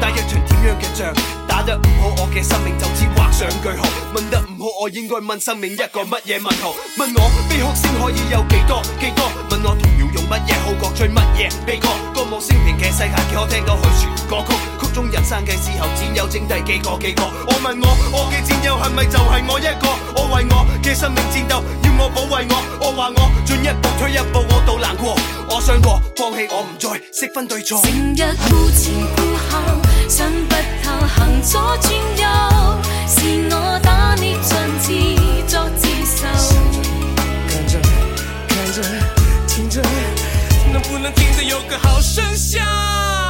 打一場點樣嘅仗，打得唔好，我嘅生命就似畫上句號。問得唔好，我應該問生命一個乜嘢問號？問我悲哭先可以有幾多？幾多？問我童謠用乜嘢好過追乜嘢？悲歌。歌舞昇平嘅世界幾可聽到虛傳歌曲？人生嘅時候，戰友剩第幾個？幾個？我問我，我嘅戰友係咪就係我一個？我為我嘅生命戰鬥，要我保衛我。我話我進一步退一步，我都難過，我想過，放棄我唔再識分對錯。成日呼前呼後，想不透，行左轉右，是我打逆仗自作自受。強着，強着，強着，聽着，能不能聽着有個好聲響？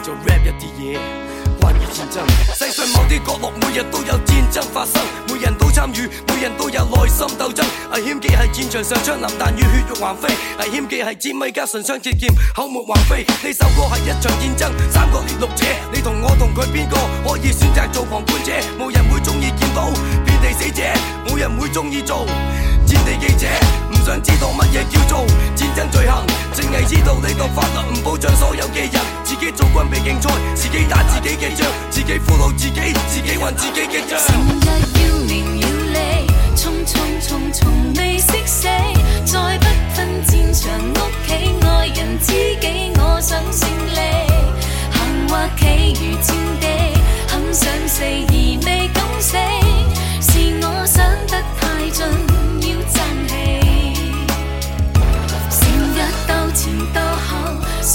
就 rap 一啲嘢，關於戰爭。世上某啲角落，每日都有戰爭發生，每人都參與，每人都有內心鬥爭。危險嘅係戰場上槍林彈雨，血肉橫飛。危險嘅係戰米加唇槍舌劍，口沫橫飛。呢首歌係一場戰爭，三個獵鹿者，你同我同佢邊個可以選擇做旁觀者？冇人會鍾意見到遍地死者，冇人會鍾意做。戰地記者唔想知道乜嘢叫做戰爭罪行，淨係知道你當法律唔保障所有嘅人，自己做軍備競賽，自己打自己嘅仗，自己俘虜自己，自己還自己嘅賬。前日要名要利，匆匆匆匆未識死，再不分戰場屋企愛人知己，我想勝利，行或企如戰地，很想死而未敢死。